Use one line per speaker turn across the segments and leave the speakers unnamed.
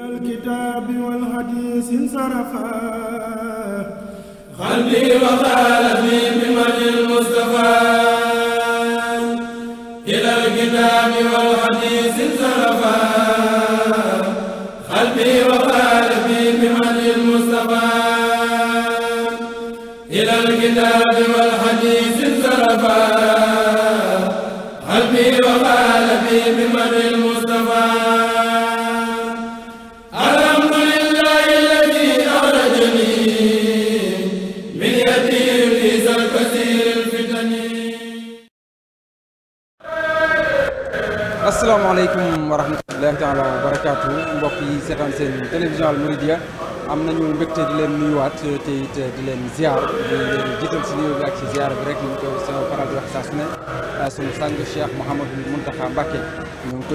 الكتاب والحديث انصرفا قلبي وقلبي بمن المصطفى إلى الكتاب والحديث انصرفا قلبي وقلبي
بمن المصطفى إلى الكتاب والحديث انصرفا
asalaamaaleykum wa rahmatullahi taala wa barakaatu mbokk yi seetaan seen télévision Al Mouridiyyah am nañu mbégte di leen nuyuwaat te it di leen ziar di leen jiital si nuyoo bi ak si ziar bi rek ñu ngi koy sama faral di wax saa su ne sunu sang Cheikh Mouhamadou Mountakha Mbacké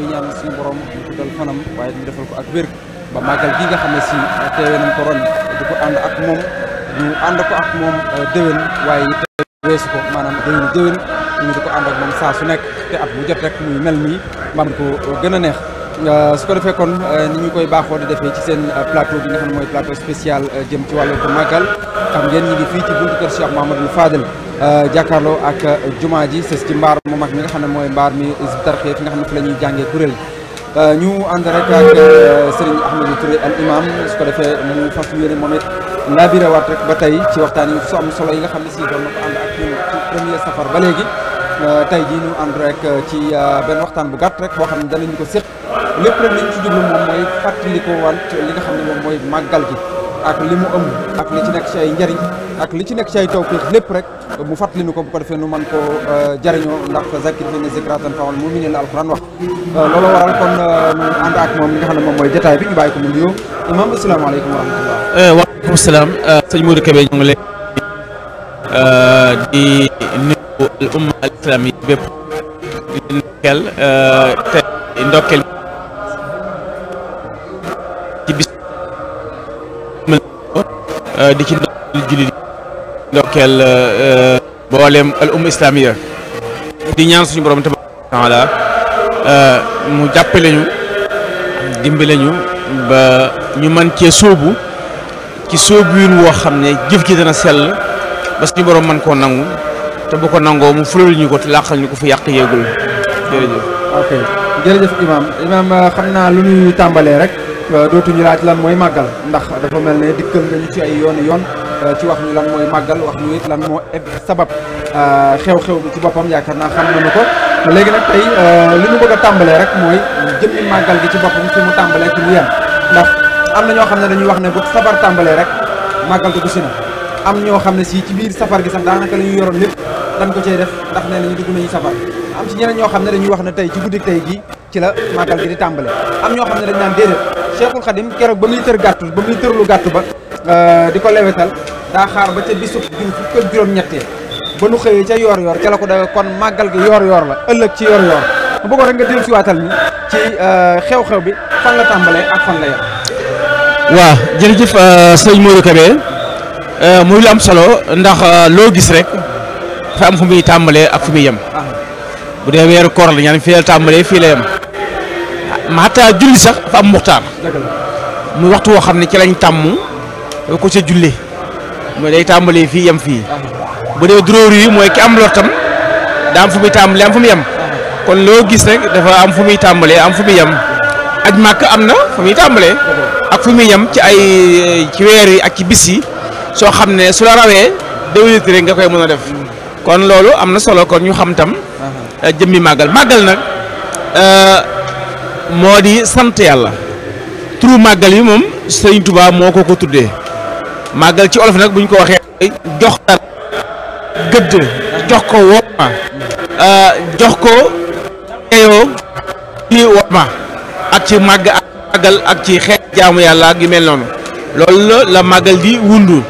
ñaan suñu borom ñu tuddal fanam waaye ñu defal ko ak wér ba màggal gi nga xam ne si teewee nañ ko ron di ko ànd ak moom ñu ànd ko ak moom déwén waaye it weesu ko maanaam déwén déwén ñu di ko ànd ak moom saa su nekk te at bu jot rek muy mel nii mbaam ko gën a neex euh, su ko defee kon euh, ni ñu koy baaxoo di defee ci seen euh, plateau bi nga mooy plateau spécial jëm ci wàllu ko màggal xam ngeen ñi ngi fii ci buntu kër Cheikh Mouhamadou Fadel ak jumaa ji sës ci mbaar mu mag mi nga xam ne mooy mbaar mi Hizbut Tarqiyyah fi nga xam ne fi la ñuy jàngee kuréel ñu ànd rek ak Serigne Ahmadou Touré al imam su ko defee mu fas yéene moom it laabirewaat rek ba tey ci waxtaan yi su solo yi nga xam ne si doon na ko ànd ak ñun premier safar ba léegi Euh, tey jii ñu ànd rek euh, ci euh, benn waxtaan bu gàtt rek boo xam ne danañu ko séq lépp rek liñ ci jublu moom mooy fàttaliku wante li nga xam ne moom mooy màggal gi ak li mu ëmb ak li ci nekk ci ay njariñ ak li ci nekk ci ay tawfiq lépp rek mu li ñu ko bu ko defee nu man koo jariñoo ndax zakir fi ne zikratan fawal mu minee la alquran wax loolu waral kon ñu ànd ak moom li nga xam ne moom mooy jotaay bi ñu bàyyi ko mu nuyoo imam asalaamaaleykum wa
rahmatullah salaam sëñ Modou Kébé ñu ngi Euh, euh, euh, al umma al islami bépp di ñaan suñu borom tabaaraka wa taala mu jàppale ñu dimbale ñu ba ñu mën cee sóobu ci sóobu yi woo xam ne jëf ji dana sell ba suñu borom mën koo nangu te bu ko nangoo mu fulal ñu ko te làqal ñu
ko fi yàq yéegul jërëjëf ok jërëjëf imaam imaam euh, xam naa lu ñuy tàmbalee rek euh, dootuñu laaj lan mooy màggal ndax dafa mel ne dikkal nga ci ay yooni yoon euh, ci wax ñu lan mooy màggal wax ñu it lan moo sabab xew-xew bi ci boppam yaakaar naa xam nañu ko léegi nag tey li ñu bëgg tàmbalee rek mooy jëmmi màggal gi ci boppam fi mu tàmbalee ci mu yem ndax am na ñoo xam ne dañuy wax ne bu sabar tàmbalee rek màggal ko du na am ñoo xam ne sii ci biir safar gi sax daanaka la ñu yoroon lépp dañ ko cay def ndax nee nañu dugg nañu safar am ci ñeneen ñoo xam ne dañuy wax ne tey ci guddi tey gi ci la màggal gi di tàmbale am ñoo xam ne dañ daan déedéet Cheikhul Khadim keroog ba muy tër gàttu ba muy tërlu gàttu euh, di ko lewetal daa xaar ba ca bisub jum fukk ak juróom ñettee ba nu xëyee ca yoor yoor ca la ko dawe kon màggal gi yoor yoor la ëllëg ci yoor yoor bu bëggoon rek nga dellu si waatal ni ci euh, xew-xew bi fan la tàmbalee ak fan la yor
waaw jërëjëf euh, sëñ Modou Kébé Euh, muy lu am solo ndax euh, loo gis rek dafa am fu muy tàmbalee ak fu muy yam bu dee weeru koor la tàmbalee fii la ma xataa julli sax waxtu woo xam ne ci lañ tàmm dafa ko ca julli mooy fii yem fii bu dee mooy ki am lor tam daa am fu muy kon loo gis rek dafa am fu muy tàmbalee am fu muy yem ak màkk am na fu muy tàmbalee ak fu muy yem ci ay ci weer yi ak ci bis yi soo xam ne su la rawee déwéniti rek nga koy mën a def kon loolu am na solo kon ñu xam tam uh-huh. uh, jëmmi màggal màggal nag uh, moo di sant yàlla turu màggal yi moom Sëriñ Tuubaa moo ko ko tuddee màggal ci olof nag bu ñu ko waxee jox dara gëdd jox ko woma uh, jox ko ci ak ci màgg ak màggal ak ci xeet jaamu yàlla gi mel noonu loolu la la màggal di wundu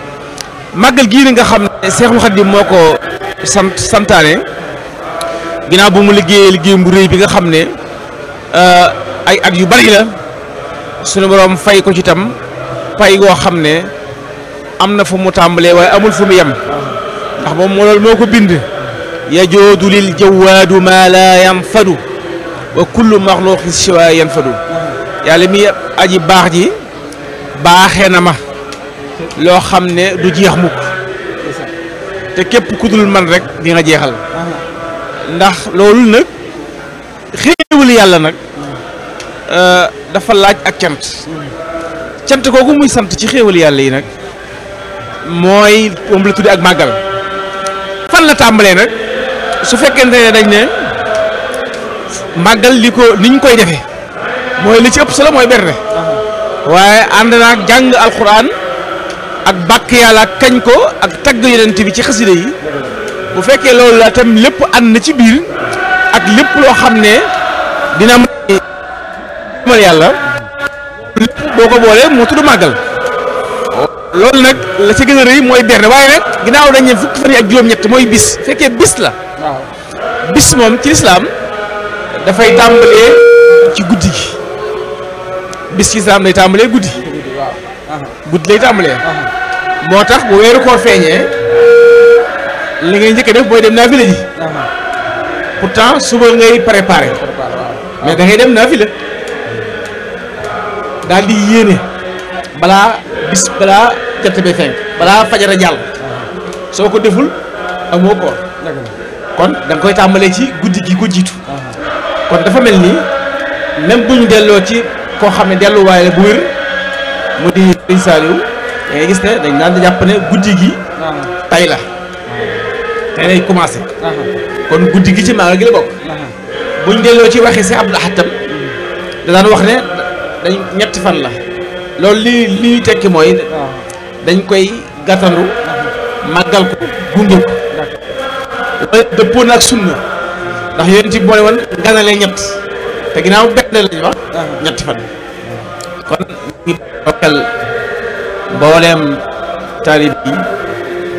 màggal gii nga xam ne Seexul Xadiim moo ko sant ginaaw bu mu liggéeyee liggéeyam bu réy bi nga xam ne euh, ay at yu bari la sunu boroom fay ko ci tam pay goo xam ne am na fu mu tàmbalee waaye amul fu mu yem ndax moom moo loolu moo ko bind yajoodu lil jawaadu maa laa yanfadu wa kullu maxluqin siwa yanfadu yàlla mi aji baax ji baaxe na ma loo xam ne du jeex mukk te képp ku man rek di nga jeexal ndax loolu nag xéewal yàlla nag euh, dafa laaj ak cant cant kooku muy sant ci xéewal yàlla yi nag mooy moom la tuddi ak màggal fan la tàmbalee nag su fekkente ne dañ ne màggal li ko ni ñu koy defe mooy li ci ëpp solo mooy berne waaye ànd naag jàng alxuraan ak bàkk yàlla ak kañ ko ak tagg yonent bi ci xasida yi bu fekkee loolu la tam lépp ànd na ci biir ak lépp loo xam ne dina mën yàlla boo ko boolee moo tudd màggal loolu nag la ci gën a rëy mooy berne waaye nag ginnaaw dañ ne fukki fan yi ak juróom-ñett mooy bis fekkee bis la bis moom ci lislaam dafay tàmbalee ci guddi gi bis ci lislaam day tàmbalee guddi guddi lay tàmbalee boo tax bu weeru koor feeñee li ngay njëkk def booy dem naafila ji pourtant suba ngay préparé mais da ngay dem naafila daal di yéene balaa bis balaa jant bi fenk balaa fajara jàll soo ko deful amoo koor kon da koy tàmbalee ci guddi gi ko jiitu kon dafa mel ni même bu ñu delloo ci koo xam ne delluwaay la bu wér mu di Sëriñ da ngay gis ne dañ daan jàpp ne guddi gi. Ah. tay la. tey lay commencé. Ah. kon guddi gi ci maaga gi la bokk. Ah. buñ delloo ci waxi si Abdul Ahad tam da daan wax ne dañ ñetti fan la. loolu li li tekki mooy. dañ koy gàttandu. màggal ko gunge ko. loolu dëppoo na ak sunna ndax yéen ci boole woon ganalee ñett te ginnaaw benn lañ wax. ñetti fan. kon ñu bokkal. mbooleem taalib yi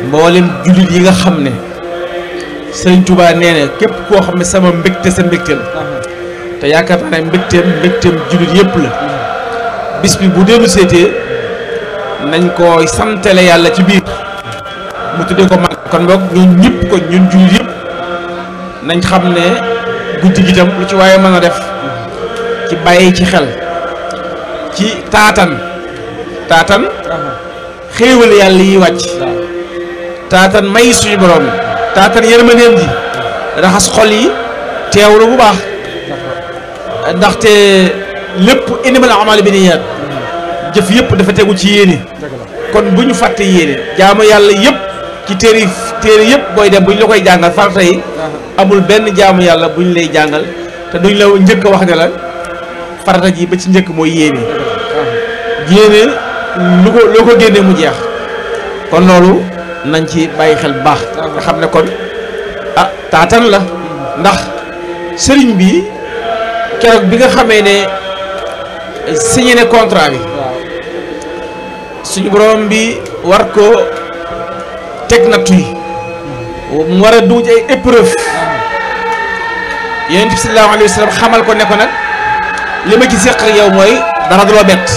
mbooleem jullit yi nga xam ne sëriñ Touba nee képp koo xam ne sama mbégte sa mbégte la te yaakaar naa ne mbégteem jullit yëpp la bis bi bu dellu seetee nañ koy santale yàlla ci biir mu tuddee ko mag kon boog ñun ñëpp ko ñun jullit yëpp nañ xam ne guddi gi tam lu ci waaye mën a def ci bàyyi ci xel ci taatan taatan xéewal yàlla yi wàcc taatan may suñu borom yi taatan yërmandeem ji raxas xol yi teewlu bu baax ndaxte lépp innamal a'maalu binniyaat jëf yëpp dafa tegu ci yéene kon bu ñu fàtte yéene jaamu yàlla yëpp ci téere téere yëpp booy dem bu ñu la koy jàngal farata yi amul benn jaamu yàlla bu ñu lay jàngal te duñ la njëkk a wax ne la farata ji ba ci njëkk mooy yéene yéene lu ko loo ko génnee mu jeex kon loolu nañ ci bàyyi xel bu baax nga xam ne kon ah taatan la ndax sëriñ bi keroog bi nga xamee ne signé ne contrat bi suñu borom bi war ko teg nattu yi mu war a duuj ay épreuve yonent bi sallallahu alayhi xamal ko nekko ko nag li ma ci séq ak yow mooy dara du la bett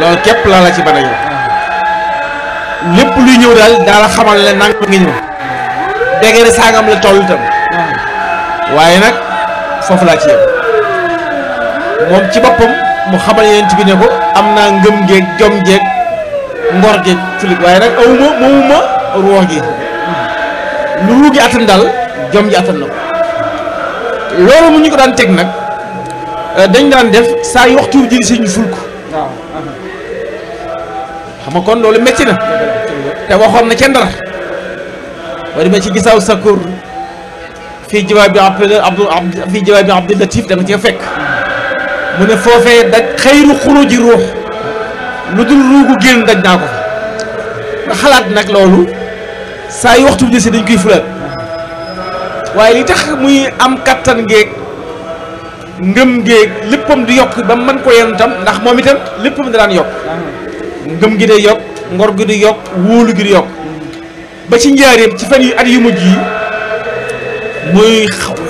loolu képp la la ci mën a ñëw lépp luy ñëw daal daa la xamal ne nang ngi ñëw dégere sangam la toll itam waaye nag foofu laa ci yem moom ci boppam mu xamal yeneen bi ne ko am naa ngëm geeg jom geeg ngor geeg filig waaye nag awuma moomuma ruux gi lu ruu gi attan daal jom ji attan na ko loolu mu ñu ko daan teg nag dañ daan def saa yu ji sëñ ful ko xam kon loolu métti na te waxoon na ca ndar boo demee ci gisaaw sakur fii jawaab bi abdu fii jawaab bi abdul latif da nga cee fekk mu ne foofee daj xëyru xuruji ruux lu dul ruugu génn daj naa ko nga xalaat nag loolu saa yu waxtu bi dese dañ koy fulal waaye li tax muy am kattan géeg ngëm géeg léppam di yokk ba man ko yenn tam ndax moom itam léppam da daan yokk ngëm gi day yokk ngor gi di yokk wóolu gi di yokk ba ci njaareem ci fan yu at yu mujj yi muy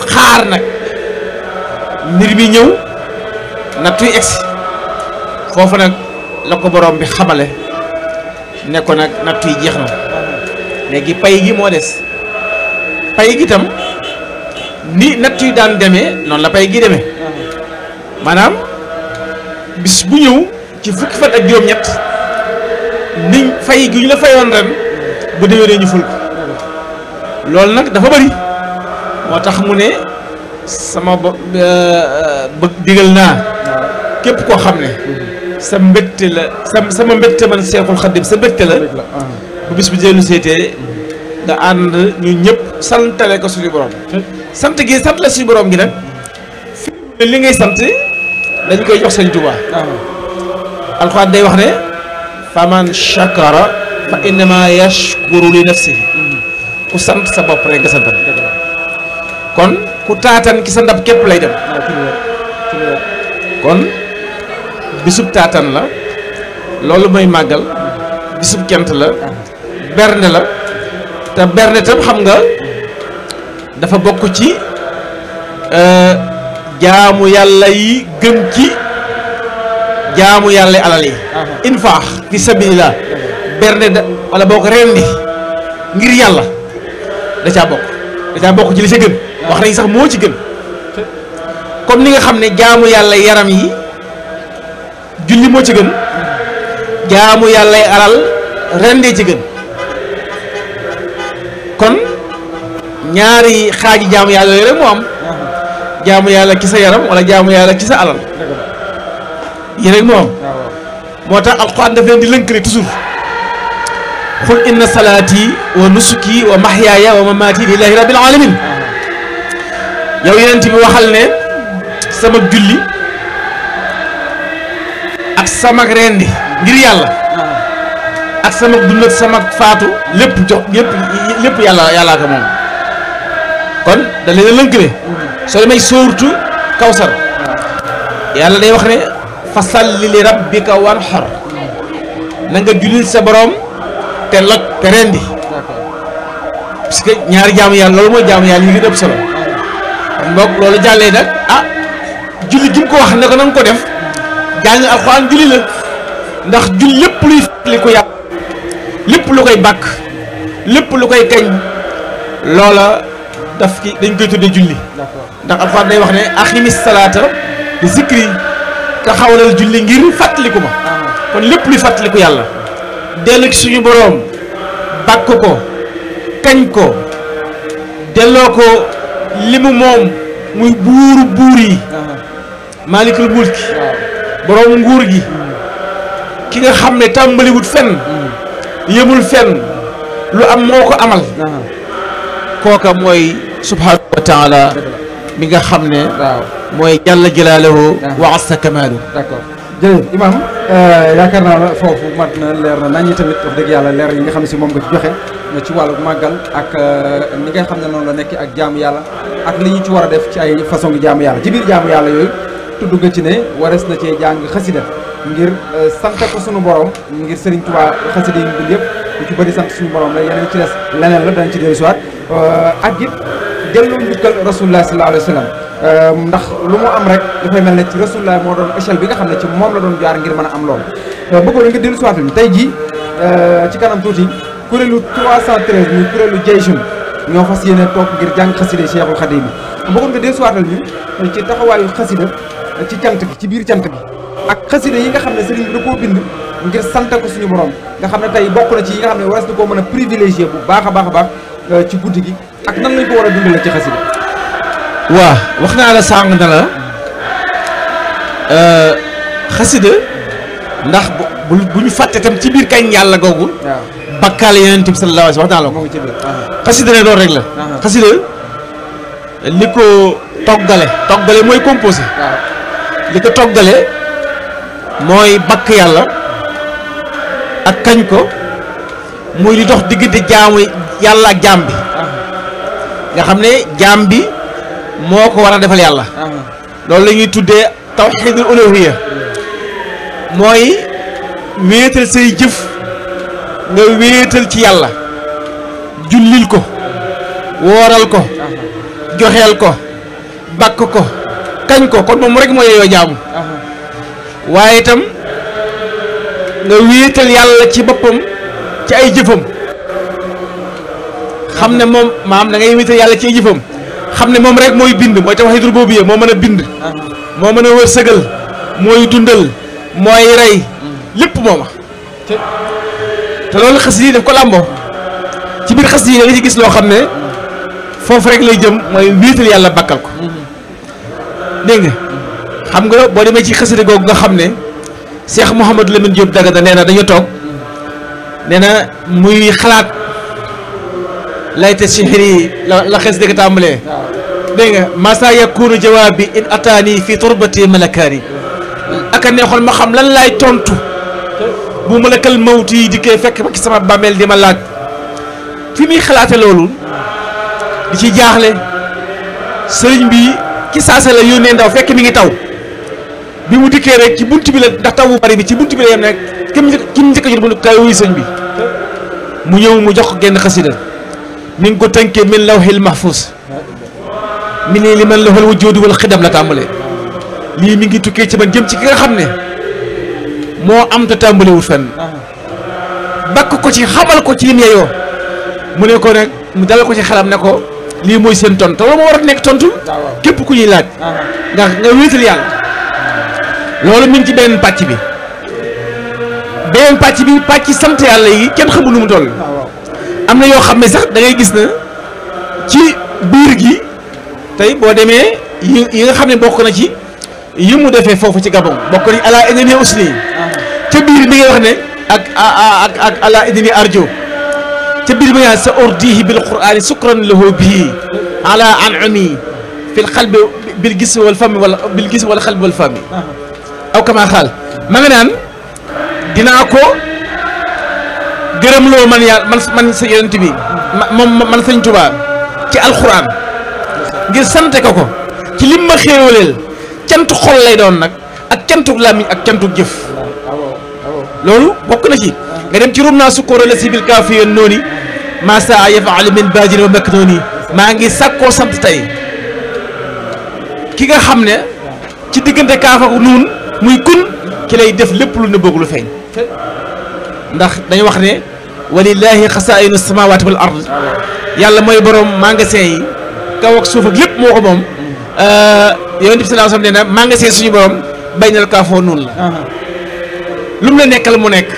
xaar nag mbir mi ñëw nattuy egsi foofu nag la ko boroom bi xamale nekkoon ko nag nattuy jeex na léegi pay gi moo des pay gi tam ni nattuy daan demee noonu la pay gi demee maanaam bis bu ñëw ci fukki fan ak juróom-ñett niñ fay gi ñu la fayoon ren bu déwénee ñu ful ko loolu nag dafa bari moo tax mu ne sama bo euh, bëgg digal naa képp koo xam ne sa mbégte la sa sama mbégte man Seexul sa mbégte la bu bis bi dellu seetee nga ànd ñu ñëpp santale ko suñu borom sant gi sant la suñu borom gi nag fi li ngay sant dañ koy jox Sëñ Tuubaa alxuraan day wax ne faman shakara fa innama yashkuru li nafsihi ku sant sa bopp rek nga santal kon ku taatan ki sa ndab képp lay dem kon bisub taatan la loolu mooy màggal bisub kent la berne la te berne tam xam nga dafa bokk ci euh, jaamu yàlla yi gën ci jaamu yàlla alal yi infaax fi la berne da wala boo ko rendi ngir yàlla da caa bokk da caa bokk ci li gën wax nañ sax moo ci gën comme ni nga xam ne jaamu yàlla yaram yi julli moo ci gën jaamu yàlla alal rendee ci gën kon ñaari xaaji jaamu yàlla yooyu rek moo am jaamu yàlla ci sa yaram wala jaamu yàlla ci sa alal yéen moom moo tax alxuraan daf leen di lënkale toujours xul inna salaati wa nusuki wa mahyaaya wa mamaati lillahi rabbil alamin yow yonent bi waxal ne sama julli ak sama rendi ngir yàlla ak sama dund ak sama faatu lépp jox lépp yàlla yàllaa moom kon da leen a lënkale soo demee sóortu kawsar yàlla day wax ne fa salli li rabbika wanhar na nga julil sa boroom te loj te rendi parce que ñaari jaamu yàlla loolu mooy jaamu yàlla yi ngi ëpp solo kon boog loolu jàllee nag ah julli gi ne ko na nga def jàng alxuraan julli la ndax julli lépp luy fàttali ko yàlla lépp lu koy bàkk lépp lu koy kañ loola daf ki dañ koy tuddee julli ndax alxuraan day wax ne aximis salaata di zikri taxawalal julli ngir fàttaliku ma kon lépp luy fàttaliku yàlla dellu ki suñu boroom bàkk ko kañ ko delloo ko li mu moom muy buur yi maalikul mulki boroom nguur gi ki nga xam ne tàmbaliwut fenn yëmul fenn lu am moo ko amal kooka mooy subhanahu wa mi nga xam ne. waaw mooy jàll jëlaalewoo. Ah. wa assa kamaalu. d'accord
jërëjëf Imaam euh, yaakaar naa la foofu mat na leer na nañu tamit wax dëgg yàlla leer yi nga xam ne si moom nga ci joxe na ci wàllu màggal ak euh, ni nga xam ne noonu la nekk ak jaamu yàlla ak li ñu ci war a def ci ay façon jaamu yàlla ci biir jaamu yàlla yooyu tudd nga ci ne warees na cee jàng xasida ngir euh, sant ko sunu borom ngir Serigne Touba xasida yi mu bind yëpp lu ci bëri sant suñu borom la yeneen ci des leneen la danañ ci dellusiwaat ak it delloo njukkal rasulullah sallallahu alayhi wa sallam euh, ndax lu mu am rek dafay mel ne ci rasulullah moo doon échelle bi nga xam ne ci moom la doon jaar ngir mën a am loolu euh, bëggoon na nga dellu siwaat ñu tey jii euh, ci kanam tuuti kuréelu 313 muy kuréelu Jayshun ñoo fas yéene toog ngir jàng xasida Cheikhul Khadim bi bëggoon nga dellu siwaatal ñu ci taxawaayu xasida ci cant gi ci biir cant gi ak xasida yi nga xam ne sëriñ bi da koo bind ngir sant ko suñu borom nga xam ne tey bokk na ci yi nga xam ne waras na koo mën a privilégié bu baax a baax a baax ci gi ak nan lañ ko war a dundale ci xasida waaw wax naa la sàng na la euh,
xasida ndax bu bu ñu fàtte tam ci biir kañ yàlla googu bakkaal yeneen tamit sallallahu alayhi wax naa la ko ah. xasida ne doon rek la ah. xasida li ko toggale toggale mooy composé li ko toggale mooy bakk yàlla ak kañ ko muy li dox diggante jaamu yàlla ak jaam bi nga xam ne jaam bi moo ko war a defal yàlla loolu la ñuy tuddee tawxiidul uluhiyya mooy wéetal say jëf nga wéetal ci yàlla jullil ko wooral ko joxeel ko bakk ko kañ ko kon moom rek moo yeyoo jaamu waaye itam nga wéetal yàlla ci boppam ci ay jëfam xam ne moom maam da ngay wite yàlla ci jëfam xam ne moom rek mooy bind mooy tawhiidul boobu moo mën a bind moo mën a sëgal mooy dundal mooy rey lépp mooma te loolu xas yi daf ko làmboo ci biir xas yi da ci gis loo xam ne foofu rek lay jëm mooy wiital yàlla bakkal ko dégg nga xam nga boo demee ci xasida googu nga xam ne Cheikh Mouhamadou Lamine Diop Dagana nee na dañu toog nee na muy xalaat layta sihri la la xes dëgg tàmbalee dégg nga masa yakunu jawaabi in ataani fi turbati malakaani aka neexoon ma xam lan laay tontu bu malakal mawti yi dikkee fekk ma ci sama bàmmeel di ma laaj fi muy xalaate loolu di ci jaaxle sëriñ bi ci saasa la ndaw fekk mi ngi taw bi mu dikkee rek ci bunt bi la ndax taw bu bari bi ci bunt bi la yem rek kim kim njëkk a jot mu kaay wuy sëñ bi mu ñëw mu jox genn xasida mu ngi ko tënkee min lawhil mahfuz mi nii li man lahul wujudu wal xidam la tàmbalee lii mi ngi tukkee ci man jëm ci ki nga xam ne moo am te tàmbalewul fenn bakk ko ci xamal ko ci lim yeyoo mu ne ko nag mu dalal ko ci xelam ne ko lii mooy seen tontu te loolu moo war a nekk tontu képp ku ñuy laaj ndax nga wéetal yàlla loolu mi ngi ci beneen pàcc bi beneen pàcc bi pàcc sant yàlla yi kenn xamul nu mu toll am na yoo xam ne sax da gis na ci biir gi tey boo demee yi yi nga xam ne bokk na ci yi mu defee foofu ci Gabon bokk nañ ala edemi Ousli ah. ca biir ne ak ak ak ala edemi arjo ca biir bi nga sa ordihi bil qur'ani sukran lahu bihi ala anami fil xalbi bil gis wal fami wala bil gis wal xalbi ah. aw kama xaal ma nga dinaa ko gërëm loo man yàlla man man sa yonent bi moom man sëñ Tuubaa ci alxuraan ngir sante ko ko ci lim ma xéewaleel cantu xol lay doon nag ak cantuk làmmiñ ak cantu jëf loolu bokk na ci nga dem ci rum naa sukkoora la sibil kaafiyoon nooni maa saa yafaal min baajin wa maknooni maa ngi sàkkoo sant tey ki nga xam ne ci diggante kaaf ak muy kun ki lay def lépp lu ne bëgg lu feeñ ndax dañu wax ne walillahi xasaayinu samawati wal ard yàlla mooy borom magasin yi kaw ak suuf ak lépp moo wax moom euh, yonent bi sallallahu alayhi wa sallam nee na magasin suñu borom bay nal kaafoo noonu la lu mu la nekkal mu nekk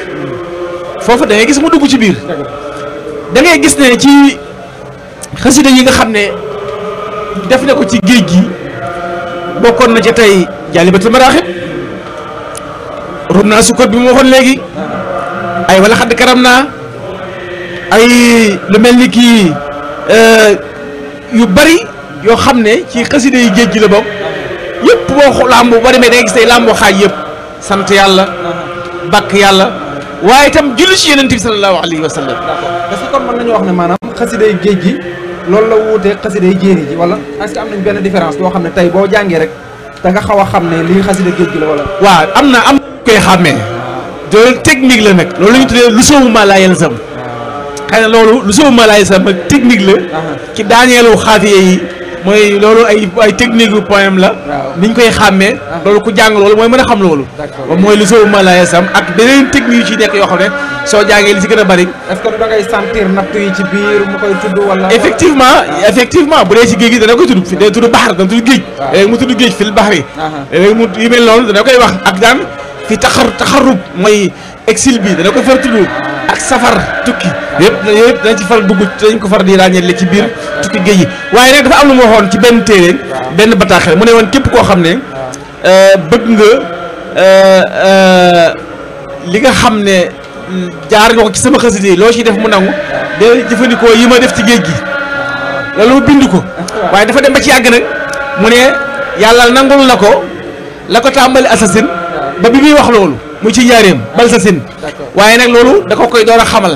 foofu da ngay gis mu dugg ci biir dangay gis ne ci xasida yi nga xam ne def na ko ci géej gi bokkoon na ci tey jaalibatul maraaxib rub naa sukkat bi mu waxoon léegi ay wala xadd karam naa ay lu mel ni kii eh, yu bari yoo xam ne ci xaside yu géej gi la bokk yëpp boo làmb boo demee da ngay gis tey làmboo xaaj yëpp sant
yàlla bàkk yàlla waaye tam julli ci yonent bi sallallahu alayhi wa sallam. parce que kon mën nañu wax ne maanaam xaside yu géej gi loolu la wuutee xaside yu jéeri ji wala est-ce que am benn différence boo xam ne tey boo jàngee rek da nga xaw a xam ne lii xaside géej gi la wala. waaw am na am
koy xàmmee. loolu technique la nag loolu lu soobu ma laa yel sam xëy na loolu lu soobu ma sam ak technique la ci daaneelu xaafiye yi mooy loolu ay ay technique yu poème la niñ koy xàmmee loolu ku jàng loolu mooy mën a xam loolu mooy lu soobu ma laa yel sam ak beneen technique yu ci nekk yoo xam ne soo jàngee li ci gën a bari est-ce que da ngay
ci biir mu koy tudd wala
effectivement effectivement bu dee ci géej gi dana koy tudd fi dana tudd baxar dana tudd géej léegi mu tudd géej fil baxar yi léegi mu yu koy wax ak daan fi taxar taxaru mooy exil bi dana ko far tudd ak safar tukki yépp yëpp dana ci far dugg dañ ko far di ràññeele ci biir tukki géej yi waaye nag dafa am lu ma waxoon ci benn téere benn bataaxel mu ne woon képp koo xam ne euh, bëgg nga euh, euh, li nga xam ne jaar nga ko ci sama xasida yi loo ci def mu nangu de jëfandikoo yi ma def ci géej gi loolu mu bind ko waaye dafa dem ba ci yàgg nag mu ne yàlla nangul na ko la ko tàmbali assasine ba bi muy wax loolu mu ci njaareem bal sa sin waaye nag loolu da ko koy door a xamal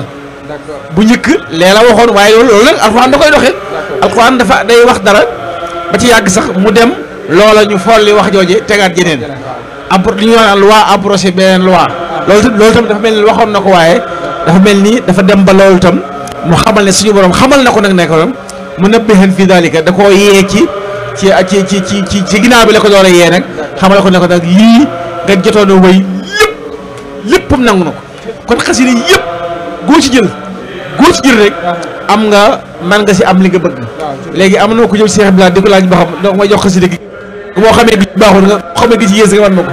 bu njëkk lee la waxoon waaye loolu loolu nag alxuraan da koy doxee alxuraan dafa day wax dara ba ci yàgg sax mu dem loola ñu folli wax jooje tegaat jeneen appro lu ñuy wax loi approché beneen loi ah. loolu tam loolu tam dafa mel ni waxoon na ko waaye dafa mel ni dafa dem ba loolu tam mu xamal ne suñu boroom xamal na ko nag nekkoon mu nëbbixen fii daalika da koo yee ci ci ci ci bi la ko door a yee nga jotoon a way yëpp léppam nangu na ko kon xasida yi goo ci jël goo ci jël rek am nga man nga si am li nga bëgg léegi am na ko seex bi Ibrahima di ko laaj ba xam donc may jox xasida gi boo xamee gi baaxul nga xamee gi ci yées nga man ma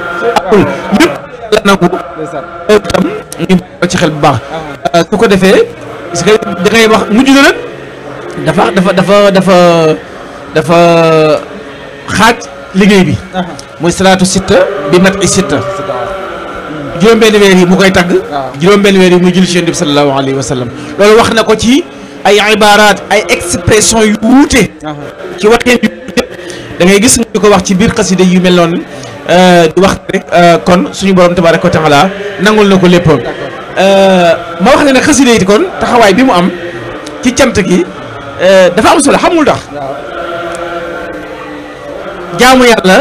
ko amul lépp la nangu tam ñu ci xel bu baax euh, su ko defee parce que da ngay wax mujj na nag dafa dafa dafa dafa dafa xaaj liggéey bi. muy salaatu sitta bi mat ay sitta. juróom-benn weer yi mu koy tagg. juróom-benn weer yi muy julli ci yonent bi sallallahu alayhi wa sallam loolu wax na ko ci ay ibaaraat ay expression yu wuute. ci waxee yu da ngay gis ñu ko wax ci biir xasida yu mel noonu euh, di wax rek euh, kon suñu borom tabaaraka wa taala nangul na ko léppam. Euh, ma wax ne nag xasida taxawaay bi mu am ci cant gi dafa am solo xamul tax. jaamu yàlla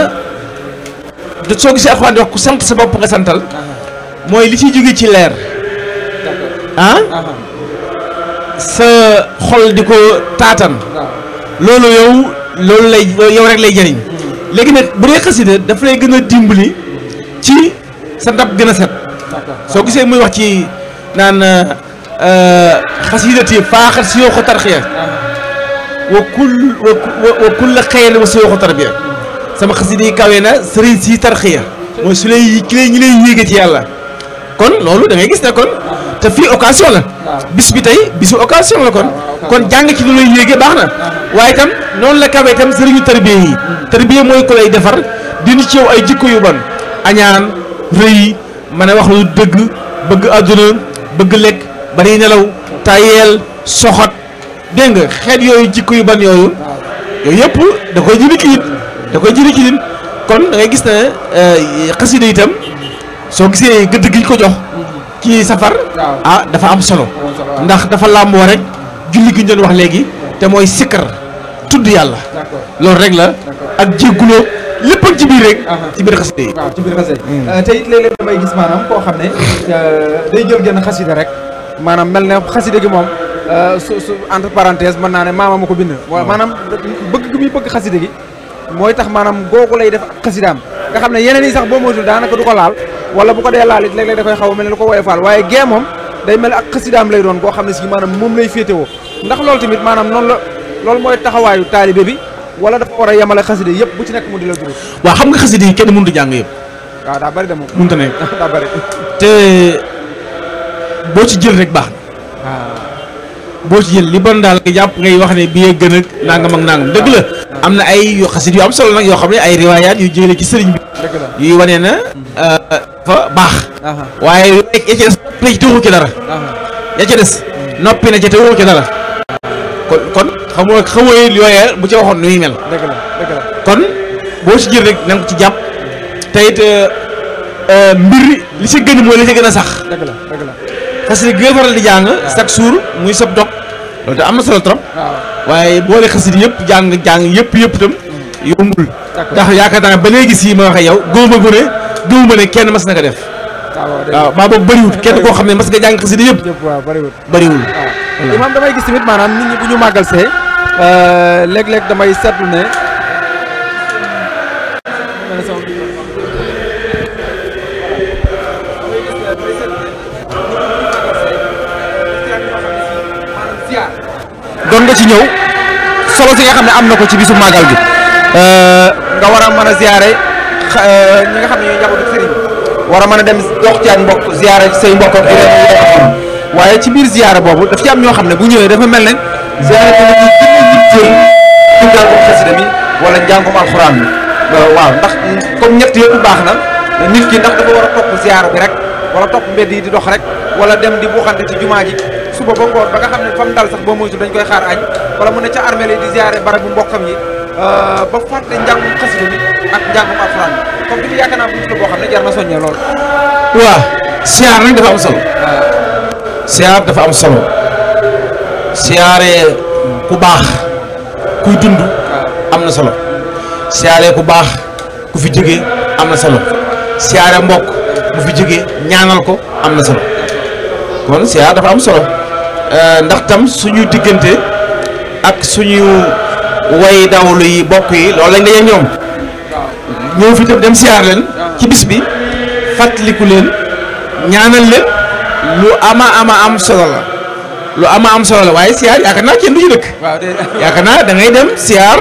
soo gisee alxuraan di wax ku sant sa bopp nga santal mooy li ci jóge ci leer ah sa xol di ko taatan loolu yow loolu lay yow rek lay jëriñ léegi nag bu dee xasida daf lay gën a dimbali ci sa ndab gën a set soo gisee muy wax ci naan euh, xasidati faaxat si yoo ko tarxiya wa kull wa kull xeyr wa si yoo ko tarbiya sama xasida yi kawe na sëriñ si tarxiya mooy su lay ki ñi lay yéege ci yàlla kon loolu da gis ne kon te fii occasion la bis bi tey bisu occasion la kon kon jàng ci lu lay yéege baax na waaye itam noonu la kawe itam sëriñu tarbiya yi tarbiya mooy ku lay defar dina ci yow ay jikko yu bon añaan rëy mën a wax lu dëgg bëgg àdduna bëgg lekk bari nelaw tayeel soxot dégg nga xeet yooyu jikko yu ban yooyu yooyu yëpp da koy ji nit da koy jëlee ci lim kon da ngay gis ne euh, xasida itam soo gisee gëdd gi ko jox kii safar ah dafa am solo ndax dafa làmboo rek julli gi ñu doon wax léegi te mooy sikkar tudd yàlla loolu rek la
ak jégguloo lépp ak ci biir rek ci biir xasida yi ci biir xasida yi hmm. euh, te it léeg-léeg damay gis maanaam koo xam ne euh, day jël genn xasida rek maanaam mel ne xasida gi moom su su entre parenthèse mën naa ne maama ma ko bind hmm. maanaam bëgg gi muy bëgg xasida gi mooy tax maanaam googu lay def ak xasidaam nga xam ne yeneen yi sax boo moytul daanaka du ko laal wala bu ko dee laal it léeg-léeg da xaw a mel ne lu ko woyofaal waaye gee moom day mel ak xasidaam lay doon goo xam ne si maanaam moom lay féetewoo ndax loolu tamit maanaam noonu la loolu mooy taxawaayu taalibe bi wala dafa war a yemale xasida yëpp bu ci nekk mu di la durus waaw xam nga xasida yi kenn mënut a jàng yëpp waaw daa bëri de moom mënut a
te boo ci jël rek baax boo ci jël li bon daal nga jàpp ngay wax ne bii gën ak nangam ak nangam dëgg la am na ay yu xasit yu am solo nag yoo xam ne ay riwaayaat yu jële ci sëriñ bi yuy wane na euh, fa baax waaye ya ca des ci dara ya ca des noppi na ci teewul ci dara kon kon xamoo xamoo yooyee bu ca waxoon nu muy mel kon boo ci jël rek na nga ko ci jàpp teyit euh, euh, mbir li ci gën mooy li ci gën a sax xasida gi nga faral di jàng chaque jour muy sab dog loolu te am na solo trop waaye boole xasida yëpp jàng jàng yëpp yëpp itam yombul ndax yaakaar naa ba léegi sii ma waxe yow góoma gu ne góoma ne kenn mas na ko def
ah, waaw maa boobu bëriwul kenn koo xam ne mas nga jàng xasida yëpp bëriwul ah, imaam damay gis tamit maanaam nit ñi bu ñu màggal see euh, léeg-léeg damay seetlu ne mën nga ci ñëw solo si nga xam ne am na ko ci bisu màggal gi euh, nga war a mën a ziare euh, ñi nga xam ne ñooy njabootu sëriñ war a mën a dem dox ci ak mbokk ziare say mbokk ak waaye ci biir ziare boobu daf ci am ñoo xam ne bu ñëwee dafa mel ne ziare bi dañuy a yitteel ci njàngum xasida mi wala alxuraan bi euh, waaw ndax comme ñett yëpp baax na nit ki ndax dafa war a topp ziare bi rek wala topp mbedd yi di dox rek wala dem di buuxante ci jumaa ji suba ba ngoon ba nga xam ne fa mu dal sax boo moytu dañ koy xaar añ wala mu ne ca armée di ziare bu mbokkam yi euh, ba fàtte njàngum xasida bi ak njàngum alxuraan bi na
soññee am solo. siyaar dafa am solo. siyaare baax kuy dund. am na solo. siyaare ku baax ku fi jógee am na solo. mbokk mu fi jógee ñaanal ko am na solo kon siyaar dafa am solo. Euh, ndax tam suñu diggante ak suñu way dawlu yi bokk yi loolu lañ dañee ñoom ñëw fi dem siyaar leen ci bis bi fàttaliku leen ñaanal leen lu ama ama am solo la lu ama am solo la waaye siyaar yaakaar naa kenn du ñu dëkk yaakaar naa dangay dem siyaar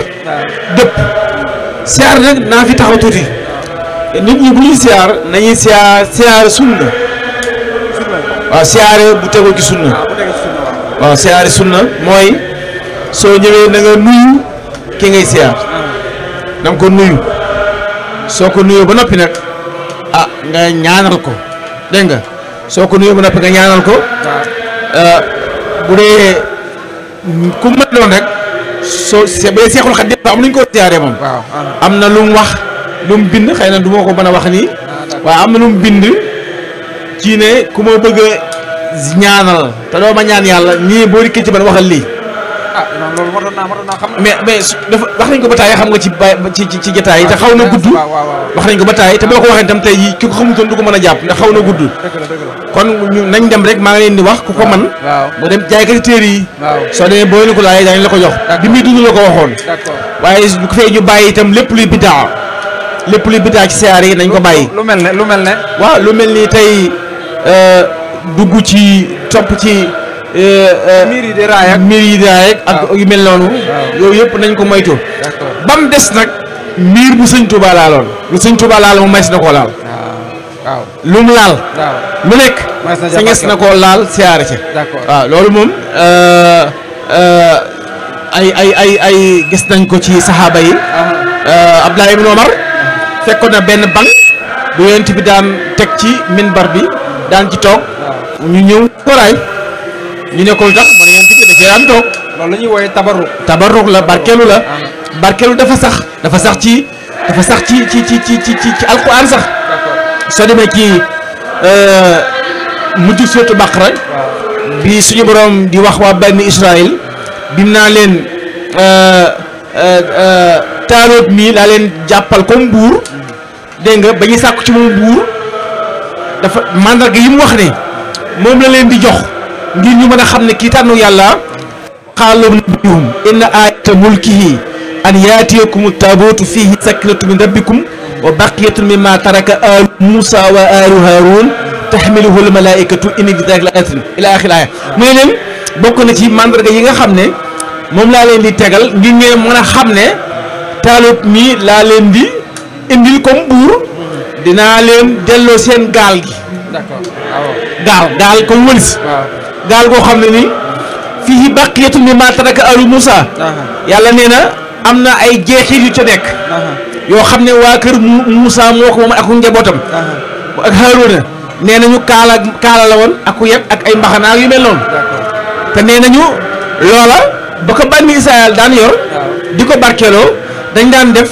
dëpp siyaar nag naa fi taxaw tuuti nit ñi bu ñuy siyaar nañuy siyaar siyaar sunna waaw siyaare bu tegoo ci sunna waaw ah, siyaari sunna mooy soo ñëwee nanga nga nuyu ki ngay siyaar na nga ko nuyu soo ko nuyoo ba noppi nekk ah nga ñaanal ko dégg nga soo ko nuyoo ba noppi nga ñaanal ko ah, bu dee ku mu mën doon rek soo ba seexul xadim am ko siyaaree moom. Ah. am na lu mu wax lu mu bind xëy na du ma ko mën a wax nii waaye am na lu mu bind ci ku ma bëgg ñaanal te doo ma ñaan yàlla ñii boo dikkee ci man waxal lii.
ah non loolu waroon naa
waroon naa xam. mais mais su dafa wax nañ ko ba taay xam nga ci bay ci ci ci jotaay te xaw ko waxee itam tey jii a xaw na gudd. Ah, kon nañ dem rek maa ngi leen di wax ku ko man nga dem jaaykati téere yi. soo demee boo leen ko laajee daañu la ko jox. bi muy dund la ko waxoon. waaye fee ñu bàyyi itam lépp luy bidaa lépp luy bidaa ci siyaar yi nañ ko bàyyi. lu mel ne lu mel ne. waaw lu mel ni tey euh, dugg ci topp ci. Eh, eh, miir yi di raay ak mel noonu. yooyu yëpp nañ ko moytu. ba mu des nag miir bu sëñ Touba laaloon lu sëñ Touba laal moom mays na koo laal. Ah, lu mu laal. lu nekk. mays na ko laal siyaare ca. waaw loolu moom eh, ay ay ay ay gis nañ ko ci saxaaba yi. Ah. Abdullah ibn Omar fekkoon na benn banque bu yonent bi daan teg ci minbar bi daan ci toog. ñu ñëw koraay ñu ne ko lu tax mu ne yonent bi da am toog loolu lañuy ñuy wooyee tabarruk la barkeelu la ah. barkeelu dafa sax dafa sax ci dafa sax ci ci ci ci ci ci alquran sax soo demee ci euh, mujj suratu baqara bi suñu borom di wax waa benn bani israil bim naa leen euh, euh, taalut mi laa leen jàppal comme buur mm. dégg nga ba ñuy sàkku ci moom buur dafa mandarga yi mu wax ne moom la leen di jox ngir ñu mën a xam ne kii tànnu yàlla xaaloom nabiyuhum inna aayata mulkihi an yaatiyakum taabuutu fiihi sakinatu min rabbikum wa baqiyatun mimma taraka aalu Muusa wa aalu Haaruun taxmiluhu l-malaaikatu inna fi la-aayaatin mu ne leen bokk na ci mandarga yi nga xam ne moom laa leen di tegal ngir ngeen mën a xam ne Taalut mi laa leen di indil comme buur dinaa leen delloo seen gaal gi
d'accord ah
gaal gaal comme wëlis ah. gaal goo xam ne ni fii baqiyatu mimma taraka alu Moussa ah. yàlla nee na am na ay jeexit yu ca nekk yoo xam ne waa kër Moussa moo ko moom ak njabootam ak Haaruna nee nañu kaala kaala la woon ak ku yeb ak ay mbaxanaar yu mel noonu te nee nañu loola ba ko bànni Israël daan yor di ko barkeeloo dañ daan def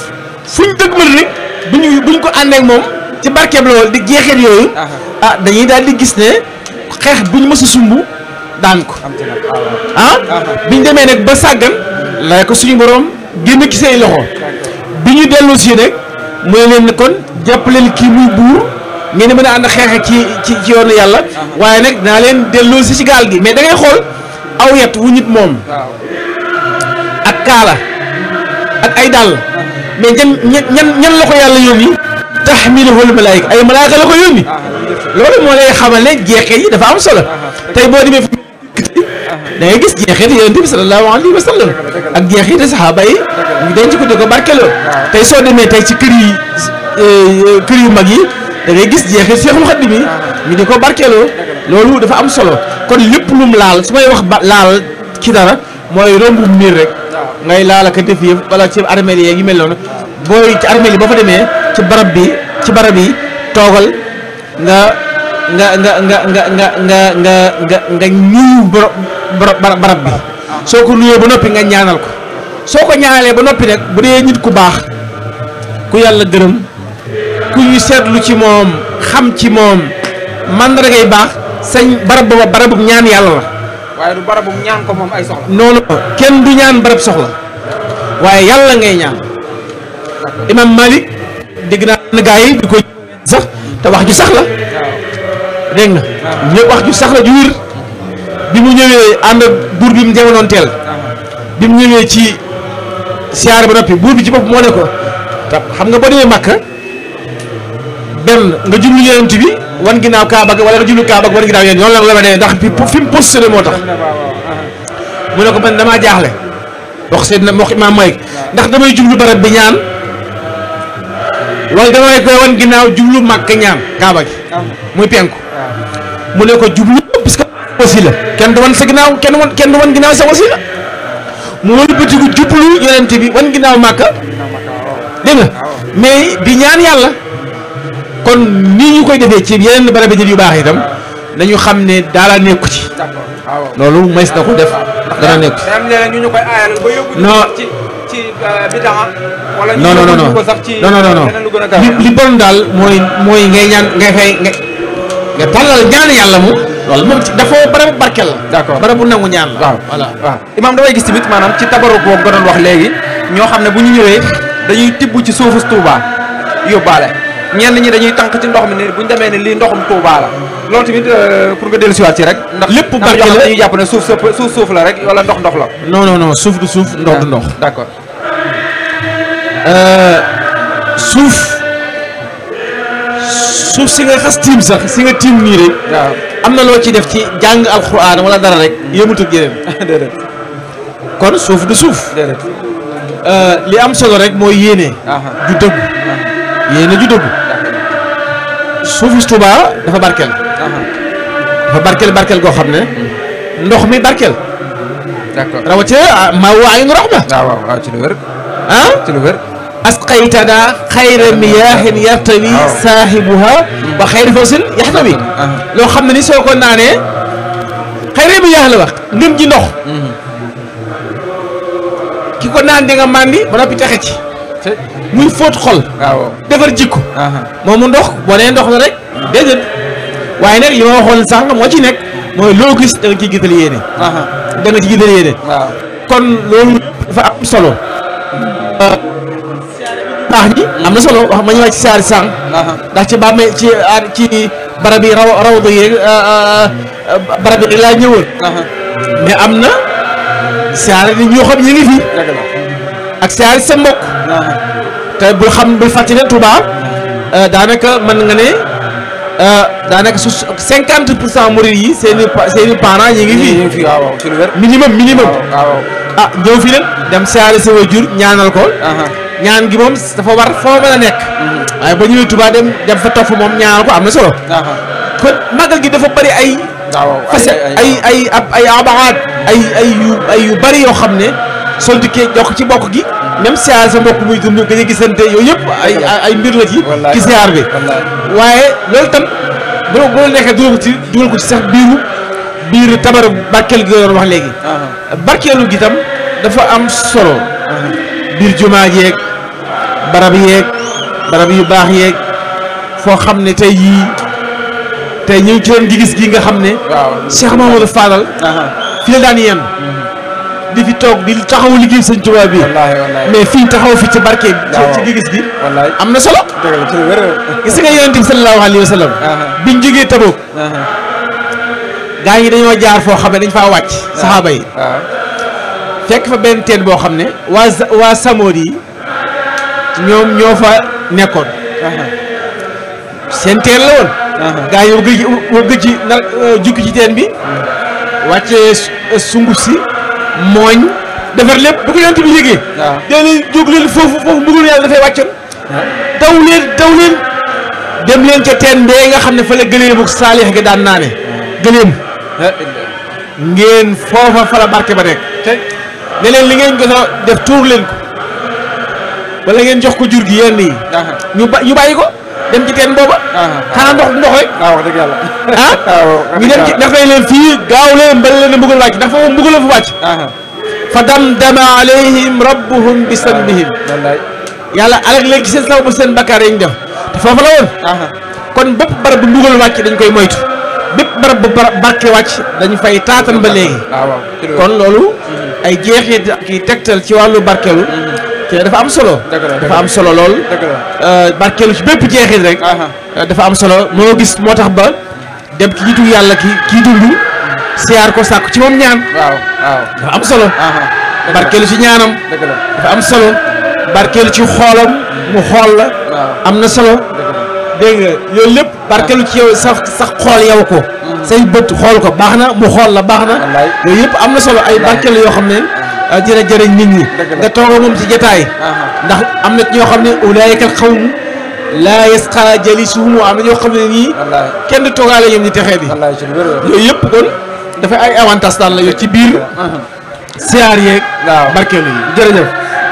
fuñ dëgmal bu buñ buñ ko àndee moom ci barkeeb loolu di jeexeet yooyu. ah dañuy daal di gis ne xeex buñ mës a sumb daan ko. ah biñ demee nag ba sàggan. lay ko suñu boroom génn ci say loxo. bi ñu dellu si nag mooy leen ne kon jàppaleen kii muy buur ngeen mën a ànd xeex ci ci ci yoonu yàlla. waaye nag naa leen delloo si ci gaal gi mais dangay xool aw yat wu nit moom. ak kaala ak ay dàll. mais ñan ñan ñan la ko yàlla yóbbu. taxmiluhu al malaayika ay malaayika la ko yónni loolu moo lay xamal ne jeexit yi dafa am solo tey boo demee fi da ngay gis jeexit yonent bi sallallahu alayhi wa sallam ak jeexit saxaaba yi ñu denc ko di ko barkeloo tey soo demee tey ci kër yi euh, kër yu mag yi da ngay gis jeexit Seexul Xadiim yi ñu di ko barkeloo loolu dafa am solo kon lépp lum laal su may wax ba laal ci dara mooy rombum miir rek ngay laal ak a def yëpp wala ci armeel yi ngi mel noonu booy ci armeel yi boo fa demee. ci barab bi ci barab yi toogal nga nga nga nga nga nga nga nga nga nga ñuyu barab bi soo ko nuyoo ba noppi nga ñaanal ko soo ko ñaanalee ba noppi nag bu dee nit ku baax ku yàlla gërëm ku ñu seetlu ci moom xam ci moom màndargay baax sañ barab booba barabub ñaan yàlla la
waaye du barabum ñaan ko moom ay soxla
noonu kenn du ñaan barab soxla waaye yàlla ngay ñaan imam Malik dégg naa gaa yi di ko sax te wax ju sax la dégg na ñëpp wax ju sax la ju bi mu ñëwee ànd buur bi mu jamonoon teel bi mu ñëwee ci siyaare ba noppi buur bi ci bopp moo ne ko xam nga boo demee Màkka benn nga jublu yonent bi wan ginnaaw Kaaba wala nga jublu Kaaba wan ginnaaw yéen noonu la la ma nee ndax fi mu positionné moo tax mu ne ko man damaa jaaxle wax seen na wax imaam Malik ndax damay jublu barab bi ñaan loolu damay koy wan ginnaaw jublu màkk ñaan kaaba gi muy penku mu ne ko jublu parce que aussi la kenn du wan sa ginnaaw kenn wan kenn du wan ginnaaw sa aussi la mu wëlbatiku jublu yonent bi wan ginnaaw màkk dégg nga mais bi ñaan yàlla kon nii ñu koy defee ci yeneen barab yu baax yi itam nañu xam ne daala nekku ci loolu mays na ko def dana nekku
ci ci euh, bidaa
wala non non non ko sax ci non non non li bon daal mooy mooy ngay ñaan ngay fay
nga tàllal ñaan yàlla
mu loolu moom dafa bërëbu barkeel la d'accord bërëbu nangu ñaan la waaw voilà
waaw imaam damay gis tamit maanaam ci tabaruk boobu nga doon wax léegi ñoo xam ne bu ñu ñëwee dañuy tibb ci suufus Tuuba yóbbaale ñenn ñi dañuy tànk ci ndox mi ne bu ñu demee ne lii ndoxum Touba la loolu tamit euh, pour nga dellusiwaat ci rek. ndax lépp barke la dañuy jàpp ne suuf suuf suuf la rek wala ndox ndox la.
non suuf du suuf ndox du ah, ndox.
d'accord euh,
suuf si nga xas tiim sax si nga tiim nii rek. am na loo ciy def ci jàng alxuraan wala dara rek yëmut ak yeneen. kon suuf du suuf. déedéet euh, li am solo rek mooy yéene. du dëgg yéene ju dëgg. suufus Touba dafa barkeel dafa barkeel barkeel goo xam ne ndox mi barkeel d'accord rawatina ah, ma waa ayun rahma ah, waaw waaw ci lu wér ah ci lu wér asqaytana xayra miyaahin yartawi ah, saahibuha wa xayri fawsin yaxtawi loo xam ne ni soo ko naanee xayra miyaah la wax ngëm ji ndox mm-hmm. ki ko naan di nga màndi ba noppi texe ci muy fóot xol. waaw defar jikko. moom mu ndox boo nee ndox la rek déedéet waaye nag li ma waxoon sànq moo ci nekk mooy loo gis da nga ciy gisal yéene. da kon loolu dafa am solo. baax ñi am na solo wax ma ñu ci saari sànq. ndax ci bàmme ci ah, ci barab ah, ah, am na saari ñoo xam ñu ngi fi. ak siyaari sa mbokk te bul xam bul fàtte ne Touba euh, daanaka mën nga ne euh, daanaka su cinquante pour cent murid yi seen i seen i parents ñi ngi fi minimum minimum ah ñëw fi dem siyaari sa waajur ñaanal ko ñaan gi moom dafa war foo mën a nekk mhm. waaye ba ñëwee Touba dem dem fa topp moom ñaanal ko am na solo kon màggal gi dafa bari ay fase ay ay ay abaxaat ay ay ay yu bari yoo xam ne soo di kee ci bokk gi même siyaar sa mbokk muy dund gëj a gisante yooyu yëpp ay ay mbir la ci ci siyaar bi waaye loolu tam bu bu la nekkee dugal ko ci dugal ko ci sax biiru biir tabaru barkeelu gi doon wax léegi uh-huh. barkeelu gi tam dafa am solo uh-huh. biir jumaa yeeg barab yeeg barab yu baax yeeg foo xam ne tey yii tey ñu ngi ci doon gis gi nga xam ne Cheikh Mamadou Fadal uh-huh. fi la daan yenn mm-hmm. di fi toog di taxaw liggéey sëñ Tuubaa bi mais fii taxaw fi ci barke ci gigis gi am na solo gis nga yonent bi sallallahu alayhi wa sallam biñ jógee Tabuk gaa ñi dañoo jaar foo xam ne dañ faa wàcc saxaaba yi fekk fa benn teen boo xam ne waa waa Samoor yi ñoom ñoo fa nekkoon seen teen la woon gaa yi wëgg ci wëgg ci nag jukki ci teen bi mm. wàcce sunguf si mooñ defar lépp bu ko yonent bi yëgee dee leen jóg leen foofu foofu bëggul yàlla dafay wàccoon daw leen daw leen ca teen bee nga xam ne fa la gëleemu saalix gi daan naane gëleem ngeen foofa fa la barke ba nekk ne leen li ngeen gën def tuur leen ko ngeen jox ko jur gi yenn yi ñu ba ñu bàyyi ko dem ci teen booba. Ah, ah, ah. xanaa ndox ndox rek. waaw wax dëgg yàlla. ah ñu dem ci dafay leen fii gaaw leen mbal leen mbugal wàcc dafa mbugal la fa wàcc. fa damdama alayhim rabbuhum bi sanbihim. wallaay yàlla alak leen ci seen sababu seen bakkaar yi ñu def te foofu la woon. kon bépp barab bu mbugal wàcc dañ koy moytu bépp barab bu barke wàcc dañ fay taatan ba léegi. kon loolu. Mm-hmm. ay jeexit kii tegtal ci wàllu barkeelu. Mm-hmm. dafa am solo.
dafa am solo lool.
Euh, barkeelu ci bépp jeexit rek. Euh, dafa am solo moo gis moo tax ba dem ki nitu yàlla ki kii dund. siyaar ko sàkk ci moom ñaan. waaw dafa am solo. barkeelu ci ñaanam. dafa am solo. barkeelu ci xoolam mu xool la. am na solo. dégg nga yooyu lépp barkeelu ci yow sax sax xool yow ko. Mm. say bët xool ko baax na mu xool la baax na. yooyu yëpp am na solo ay barkeelu yoo xam ne. dina ah, jëriñ nit ñi nga tooga moom ci jataay ah, ah. ndax am na ñoo xam ne ulaayika al xawm laa yasqa jalisuhum am na ñoo xam nii kenn du toogaale ñoom ñi texee bi yooyu yëpp kon dafa ay avantage daal la yo ci biir
siyaar yeeg waaw barkeelu yi jërëjëf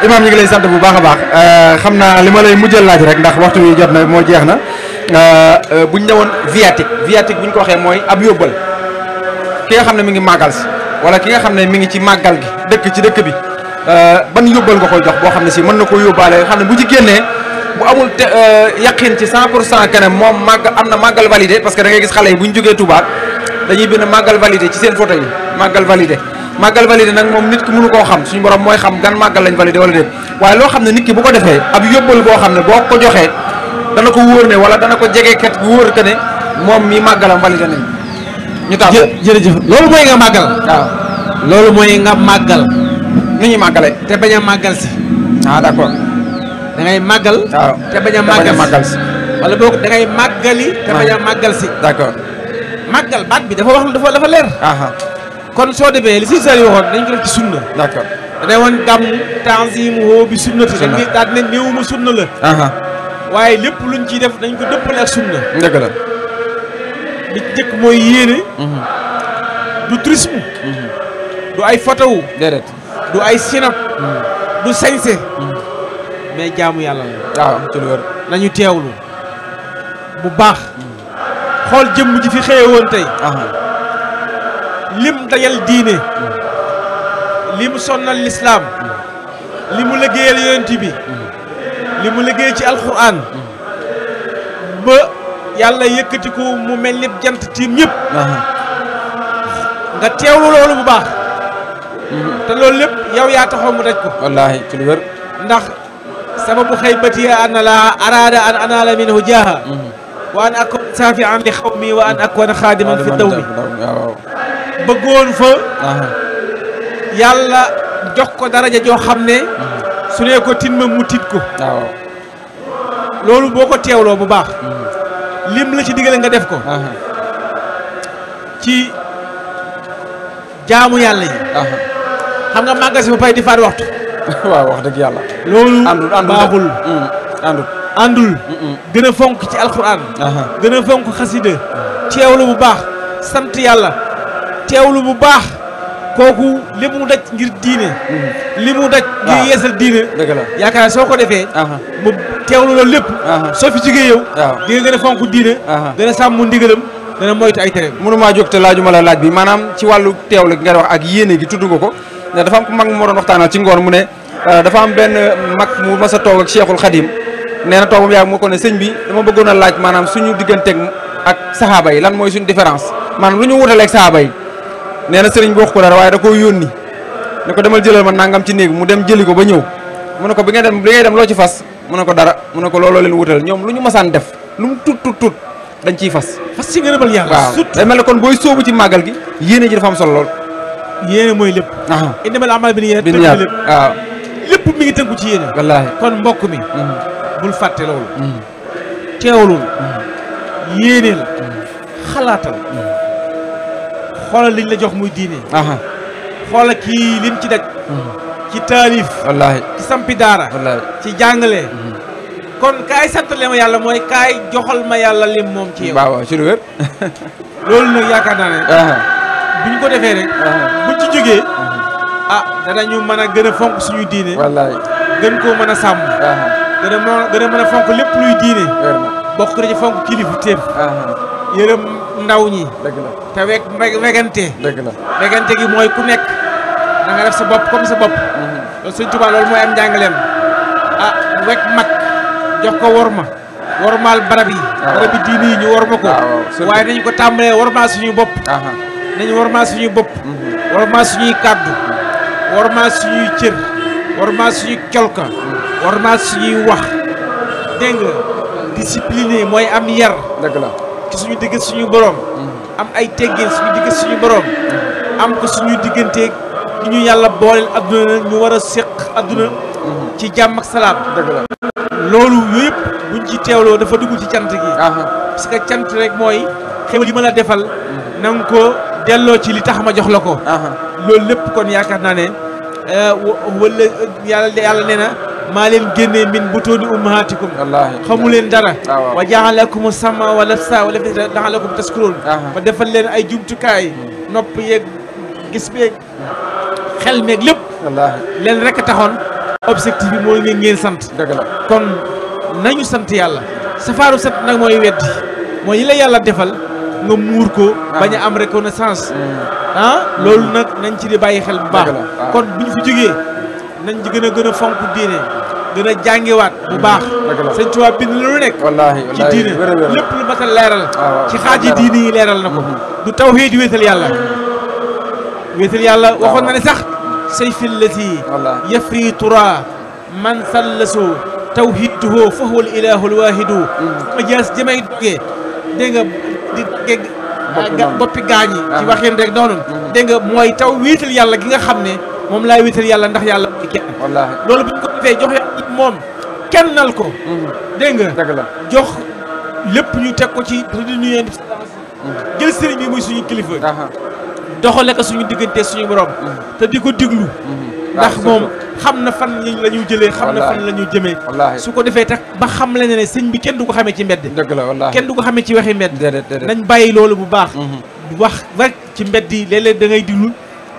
imaam ñu ngi lay sant bu baax a baax euh, xam naa li ma lay mujjal laaj rek ndax waxtu wi jot na moo jeex na euh, euh, buñ ne woon viatique viatique ñu ko waxee mooy ab yóbbal ki xam ne mi ngi màggal si wala ki nga xam ne mi ngi ci màggal gi dëkk ci dëkk bi euh, ban yóbbal nga koy jox boo xam ne si mën na ko yóbbaale xam ne bu ci génnee bu amul te euh, yaqin ci 100 pour cent keneen moom màgg am na màggal validé parce que da ngay gis xale yi bu ñu jógee Touba dañuy bind màggal validé ci seen photo yi màggal validé màggal validé nag moom nit ki mënu koo xam suñu borom mooy xam gan màggal lañ validé wala déet waaye loo xam ne nit ki bu ko defee ab yóbbal boo xam ne boo ko joxee dana ko wóor ne wala dana ko jege kat wóor que ne moom mi màggalam validé ñu jërëjëf loolu mooy nga màggal. waaw loolu mooy nga màggal. ni ñuy màggale. te bañ a màggal si. ah d' accord. da
màggal. Ah, te bañ a màggal si wala boog da ngay màggali. te bañ a ah. màggal si. accord màggal baat bi dafa wax dafa dafa leer. Ah, kon soo demee li si sëriñ waxoon dañ ko def ci sunna. d' accord da woon gàmm tanzim woo bi sunna. sunna daal néew ma sunna la. waaye lépp luñ ciy def dañ ko dëppale ak sunna. li ci mooy yéene. du tourisme. du ay fotowu. déedéet du ay sinap. du sañse. mais jaamu yàlla la. waaw ci lu bu baax. xool jëmm ji fi xëyee woon tey. lim dajal diine. lim sonnal lislaam. li mu yonent bi. li mu ci alxuraan. ba. yàlla yëkkati mu mel ni jant tiim ñëpp. nga teewlu loolu bu baax. Mm-hmm. te loolu lépp yow yaa taxaw mu daj ko. wallaahi ci lu wér. ndax sababu xaybatiya an laa araada an anaala minhu jaaha. Mm-hmm. wa an akun saafian li xawmi wa an akuna xaadiman fi dawmi bëggoon fa. yàlla jox ko daraja joo xam ne. Mm-hmm. su ne ko tin mu tit ko. loolu boo ko teewloo bu baax. lim la ci digale nga def ko. ci jaamu yàlla yi. xam nga magasin ba pare di faat waxtu.
wax dëgg yàlla.
loolu baaxul andul andul. gën fonk ci alxuraan. gën a fonk xasida teewlu bu baax sant yàlla teewlu bu baax. kooku li mu daj ngir diine. Mhm. li mu daj. ngir ah. yeesal diine. dëgg la yaakaar soo ko defee. Ah. mu
teewlu loolu lépp. Ah. soo fi jugee yow. di nga gën a fonk diine. dana sàmm ndigalam dana moytu ay tere. mënumaa jóg te laajuma la laaj bi maanaam ci wàllu teewlu gi ak yéene gi tudd nga ko ndax dafa am ku mag moo doon waxtaanal ci ngoon mu ne euh, dafa am benn mag mu mas a toog ak Cheikhul Khadim nee na toogam yaag moo ko ne sëñ bi dama bëggoon a laaj maanaam suñu digganteeg ak saxaaba yi lan mooy suñu différence maanaam lu ñu wutaleeg saxaaba yi nee na sëriñ bi wax ko dara waaye da koo yónni ne ko demal jëlal ma nàngam ci néeg mu dem jëli ko ba ñëw mu ne ko bi ngay dem bi ngay dem loo ci fas mu ne ko dara mu ne ko looloo leen wutal ñoom lu ñu masaan def lu mu tut tut tut dañ ciy fas fas ci ngërëmal yàlla waaw day mel ne kon booy sóobu ci màggal gi yéene ji dafa am solo lool yéene mooy lépp a
ah. innamal amal bi niyyat bi niyyat waaw ah. lépp mi ngi tënku ci yéene wallaahi kon mbokk mi mm-hmm. bul fàtte loolu mm-hmm. teewlul mm-hmm. yéene la xoolal liñ la jox muy diine. xoola kii lim ci daj. Mhm. ci taalif. wallaahi ci sampi daara. ci jàngale. Mhm. kon kaay santale ma yàlla mooy kaay joxal ma yàlla lim moom ci yow. waaw waaw ci lu loolu nag yaakaar naa ne. buñ ko defee rek. buñ ci jógee. Mhm. ah danañu mën a gën a fonk suñuy diine. wallaahi gën koo mën a sàmm. gën a mën a mën a fonk lépp luy diine. bokk na ci fonk kilifa téem. yërëm ndaw ñi. la te weg wegante. dëgg la wegante gi mooy ku nekk da nga def sa bopp comme sa bopp. Mm-hmm. loolu Sëñ Tuubaa loolu mooy am njàngaleem ah weg mag jox ko worma wormaal barab yi. Ah. barab yi diini yi ñu worma ko. Ah, waaye nañ ko tàmbalee wormaal suñuy bopp. nañ wormaal suñuy bopp. Mm-hmm. wormaal suñuy kàddu. Mm-hmm. wormaal suñuy cër. wormaal suñuy colka. wormaal suñuy wax. dégg nga discipliné mooy am yar. dëgg suñu digg suñu borom mm-hmm. am ay teggin suñu digg suñu boroom am ko suñu digganteeg ki ñu yàlla booleel adduna ñu war a séq adduna mm-hmm. ci jàmm ak salaam loolu yëpp buñ ci teewloo dafa dugg ci cant gi parce que cant rek mooy xewal yi ma la defal mm-hmm. na ko delloo ci li taxama jox la ko loolu lépp kon yaakaar naa ne euh, wala yàlla yàlla nee na maa leen génnee min butuuni ummahaatikum xamu leen dara ah, waa wa jaalakum sama wa labsa wa laalakum taskuroon ba ah. defal leen ay jumtukaay hmm. nopp yeeg gis beeg xel meeg lépp leen rek taxoon objectif bi mooy ngeen ngeen sant kon nañu sant yàlla safaaru sant nag mooy weddi mooy yi la yàlla defal nga muur ko ah. bañ a am reconnaissance hmm. ah loolu hmm. nag nañ ci di bàyyi xel bu baax kon bu ñu fi jógee nañ gën a gën a fonk diine gën a jàngiwaat bu baax sëñ Tuubaa bind lu nekk ci diine lépp lu mat a leeral ah, ci xaaji diine yi leeral na ko mm-hmm. du tawhiid wéetal yàlla mm-hmm. yàlla ah, waxoon na ne sax sayfi llati yafri tura man sallasu tawhiduhu fa huwa al ilaahu al waahidu mm-hmm. majaas jëmay dogee dégg nga di boppi gaañi ci ah. waxin rek noonu dégg mooy taw wéetal yàlla ki nga xam ne moom laay wéetal yàlla ndax yàlla ci kenn loolu bu ñu ko defee jox yàlla moom kennal ko mm-hmm. dégg nga jox lépp ñu teg ko ci rëddinu yeen mm-hmm. jël sëriñ bi muy suñu kilifa doxale ko suñu diggante suñu borom mm-hmm. te di ko diglu ndax moom xam na fan la ñu jëlee xam na fan la ñu jëmee su ko defee tax ba xam la ne ne sëñ bi kenn du ko xamee ci mbedd kenn du ko xamee ci waxi mbedd nañ bàyyi loolu bu baax wax rek ci mbedd yi léeg-léeg da ngay diglu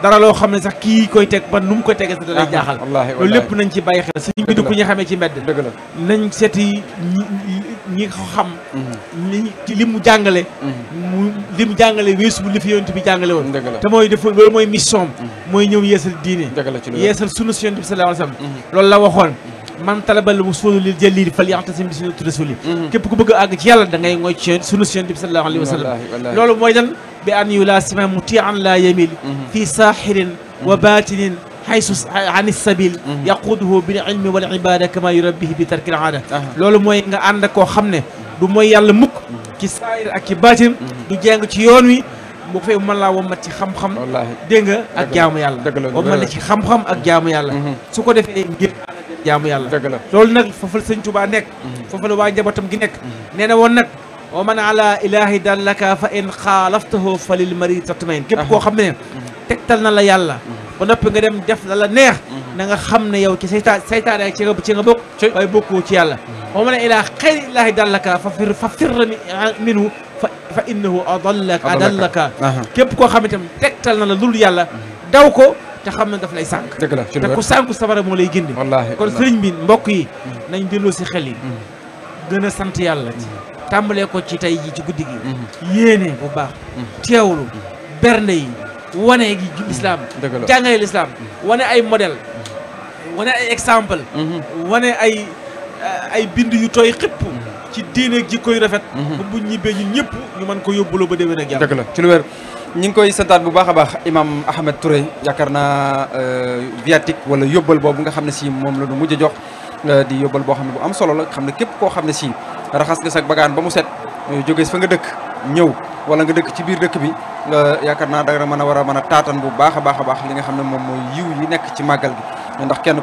dara loo xam ne sax kii koy teg ban nu mu ko tegee sax da lay ah, jaaxal loolu lépp nañ ci bàyyi xel suñu mbidu ku ñu xamee ci mbedd nañ seeti ñi ko xam ñi mm-hmm. li mu jàngale mm-hmm. mu li mu jàngale weesu bu li fi yonent bi jàngale woon te mooy def loolu mooy mission mm-hmm. mooy ñëw yeesal diine yeesal sunu si yonent bi sallallahu alayhi wasallam loolu la waxoon man talabal wasulu lil jalil falyantasim bi sunnati rasuli mhm. képp ku bëgg a àgg ci yàlla da ngay ngooy ci sunu yonent bi sallallahu alayhi wa sallam mhm. mhm. loolu mooy nga ànd ak koo xam ne du mooy yàlla mukk ci saahir ak ci baatin du jeng ci yoon wi bu ko fee mën laa wommat ci xam-xam dégg nga ak jaamu yàlla wommat la ci xam-xam ak jaamu yàlla su ko defee ngir jaamu yàlla loolu nag foofu la sëñ Tuubaa nekk mhm. foofu la waa njabootam gi nekk nee na woon nag wa man ala ilahi dallaka fa in xaalaftahu fa lil mari tatmain képp koo xam ne mhm. tegtal na la yàlla mhm. ba noppi nga dem def la la neex na nga xam ne yow ci saytaan saytaan ak ci nga ci nga bokk waaye bokkoo ci yàlla wa man ila xayri ilahi dallaka fa fir fa firra minhu fa fa innahu adallaka adallaka képp koo xam ne itam tegtal na te xam na daf lay sànq dëgg la te ku sànku safara moo lay génne kon sëriñ bi mbokk yi mm. nañ delloo si xel yi mm. gën a sant yàlla mm. tàmbalee ko ci tey ji ci guddi gi yéene bu baax teewlu bernde yi wane gi lislaam jàngale lislaam wane ay modèle wane ay exemple mm-hmm. wane ay ay
bind yu tooy xëpp ci diine jikko yu rafet mhm. ba bu ñibbee ñun ñëpp ñu mën ko yóbbuloo ba déwén ak yàlla la ci lu wér ñi ngi koy santaat bu baax a baax imam Ahmed Touré yaakaar naa euh, viatique wala yóbbal boobu nga xam ne si moom la nu mujj a jox euh, di yóbbal boo xam ne bu am solo la xam ne képp koo xam ne si raxas nga sa bagaan ba mu set euh, jóge fa nga dëkk ñëw wala nga dëkk ci biir dëkk bi yaakaar naa danga mën a war a mën a taatan bu baax a baax a baax li nga xam ne moom mooy yiw yi nekk ci màggal gi ndax kenn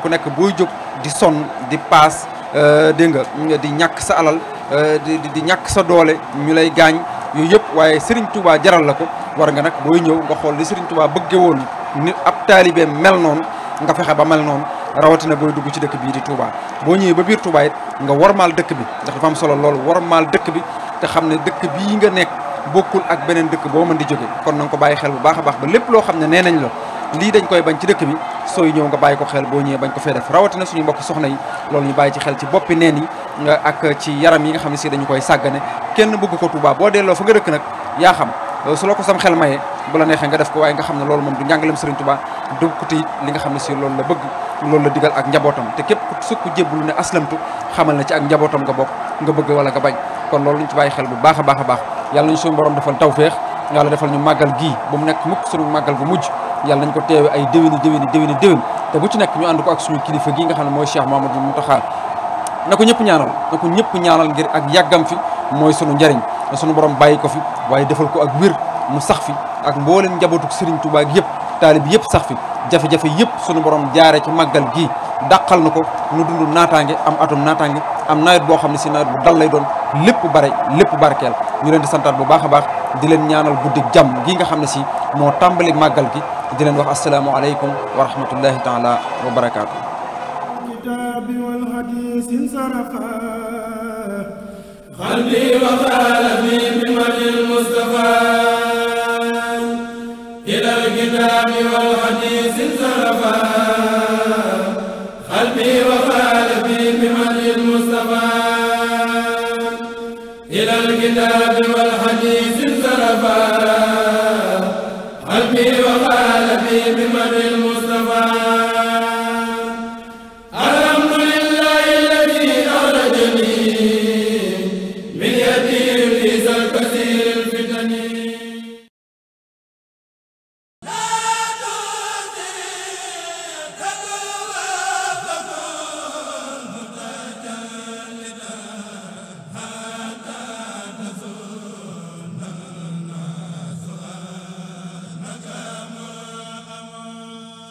di sonn di paas Euh, dégg nga di ñàkk sa alal euh, di di ñàkk sa doole ñu lay gaañ yooyu yëpp waaye Serigne Touba jaral la ko war nga nag booy ñëw nga xool li Serigne Touba bëgge woon ni ab taalibeem mel noonu nga fexe ba mel noonu rawatina booy dugg ci dëkk bii di Touba boo ñëwee ba biir Touba it nga wormaal dëkk bi ndax dafa am solo loolu wormaal dëkk bi te xam ne dëkk bii nga nekk bokkul ak beneen dëkk boo mën di jóge kon na ko bàyyi xel bu baax a baax ba lépp loo xam ne nee nañ la lii dañ koy bañ ci dëkk bi sooy ñëw nga bàyyi ko xel boo ñëwee bañ ko fee def rawatina suñu mbokk soxna yi loolu ñu bàyyi ci xel ci boppi neen yi ak ci yi nga xam ne si dañu koy sàggane kenn bëggu ko Touba boo delloo fa nga dëkk nag yaa xam euh, su la ko sam xel mayee bu la neexee nga def ko waaye nga xam ne loolu moom du njàngalem Serigne Touba du ko tey li nga xam ne si loolu la bëgg loolu la digal ak njabootam te képp ku sukk jébbalu ne aslamtu xamal na ci ak njabootam nga bokk nga bëgg wala nga bañ kon loolu ñu ci bàyyi xel bu baax a baax a baax yàlla ñu suñu borom defal tawféex yàlla defal ñu màggal gii bu mu nekk mukk suñu màggal gu mujj yàlla nañ ko teewe ay déwéni déwéni déwéni déwén te bu ci nekk ñu ànd ko ak suñu kilifa gi nga xam ne mooy Cheikh Mamadou Mountakha na ko ñëpp ñaanal na ko ñëpp ñaanal ngir ak yàggam fi mooy suñu njariñ te sunu borom bàyyi ko fi waaye defal ko ak wér mu sax fi ak mbooleem njabootu Serigne tubaak gi yëpp taalib yëpp sax fi jafe-jafe yëpp suñu borom jaare ci màggal gi daqal na ko nu dundu naataange am atum naataange am nawet boo xam ne si nawet bu dal lay doon lépp bare lépp barkeel ñu leen di santaat bu baax a baax di leen ñaanal guddi jàmm gi nga xam ne si moo tàmbali màggal gi di leen wax asalaamualeykum wa rahmatullahi taala wa barakaatu قلبي
وقلبي بمن المصطفى
إلى الكتاب والحديث انصرفا قلبي وقلبي بمن
المصطفى yaa